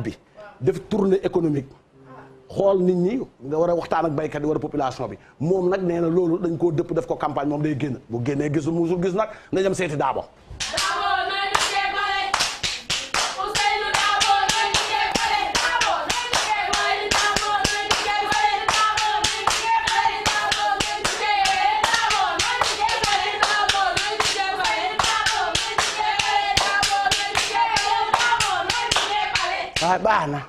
bi def tournée économique xool nit ñi nga war a waxtaan ak baykat yi war a population bi moom nag nee na loolu dañ koo dëpp def ko campagne moom day génn bu génnee gisul musul gis nag na dem seeti daabo waaye baax na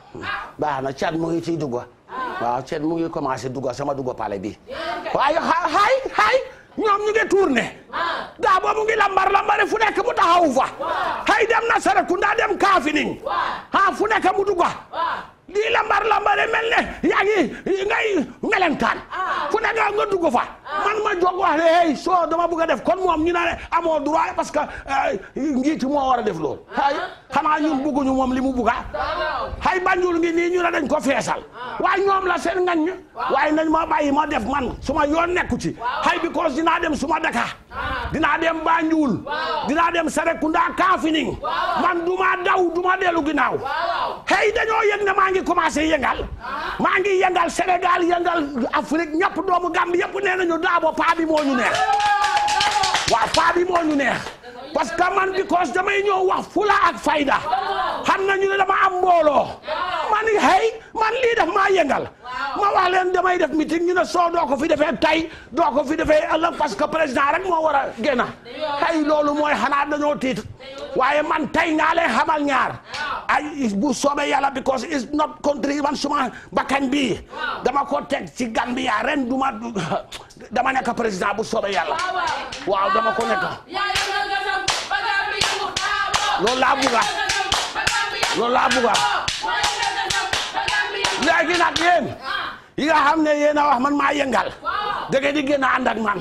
baax na cat mu ngi ciy dugg waaw cat mu ngi commencé dugg sama dugg pale bi waaye xay xay ñoom ñu ngi tourné daa boobu ngi lambar lambari fu nekk mu taxawu fa xay dem na Serekunda dem Kafinin ha fu nekk mu dugg di lambar lambari mel ne yaa ngi ngay melentaan fu nekk nga dugg fa man ma jóg wax hey soo dama bëgg a def kon moom ñu naan amoo droit parce que euh, njiit moo war a def loolu xay xanaa ñun bëgguñu moom li mu bëgg xay Banjul ngi nii ñu ne dañ ko feesal ah. waaye ñoom la seen ngañ waaye nañ ma bàyyi ma def man suma yoon nekku ci xay because dinaa dem suma daka ah. dinaa dem Banjul dinaa dem Serekunda Kafountine man duma daw duma dellu ginnaaw xëy dañoo yëg ne maa ngi commencé yëngal ah. maa ngi yëngal Sénégal yëngal Afrique ñëpp doomu Gambie yëpp nee nañu Dabo paa bi moo neex waaw paa bi neex parce que man because damay ñëw wax fula ak fayda xam na ñu ne dama am mbooloo man xëy man lii daf maa yëngal ma wax leen damay def meeting ñu ne soo doo ko fi defee tey doo ko fi defee ëllëg parce que président rek moo war a génn loolu mooy xanaa dañoo tiit waaye man tey naa leen xamal ñaar ay bu soobee yàlla because it's not country man suma bakkan bii dama ko teg ci Gambia ren duma dama nekk président bu soobee yàlla waaw dama ko nekk loolu laa bëgg loolu laa bëgg a am léegi nag yéen yi nga xam ne yéen a wax man maa yëngal da ngeen di génn ànd ak man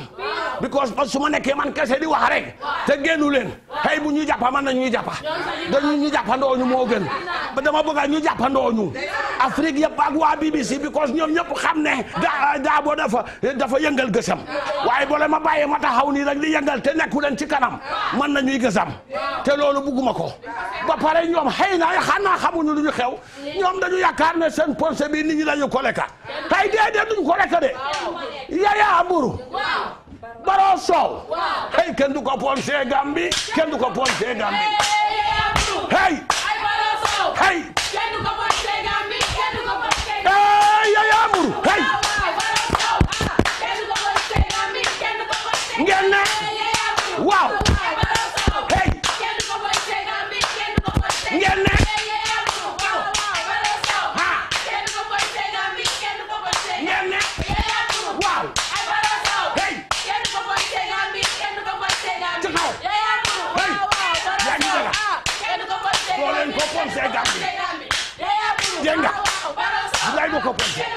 because su ma nekkee man kese di wax rek te génnu leen xëy bu ñu jàppa man nañu ñuy jàppa dañu ñu jàppandoo ñu moo gën ba dama bëgg ñu jàppandoo ñu Afrique yëpp ak waa BBC because ñoom ñëpp xam ne da Darboe dafa dafa yëngal gësam waaye boole ma bàyyee ma taxaw nii rek di yëngal te nekku leen ci kanam man ñuy gësam te loolu bugguma ko ba pare ñoom xëy na xanaa xamuñu lu ñu xew ñoom dañu yaakaar ne seen pensée bi nit ñi dañu ko lekka tay déedéet duñ ko lekka de yaya amburu baro hey kenn du ko pensée gambi kenn du ko pensée gambi hey hey yaya amburu hey ngeen ne waaw yàqu. day yàqu. day yàqu. dégg nga. waaw waaw waaw.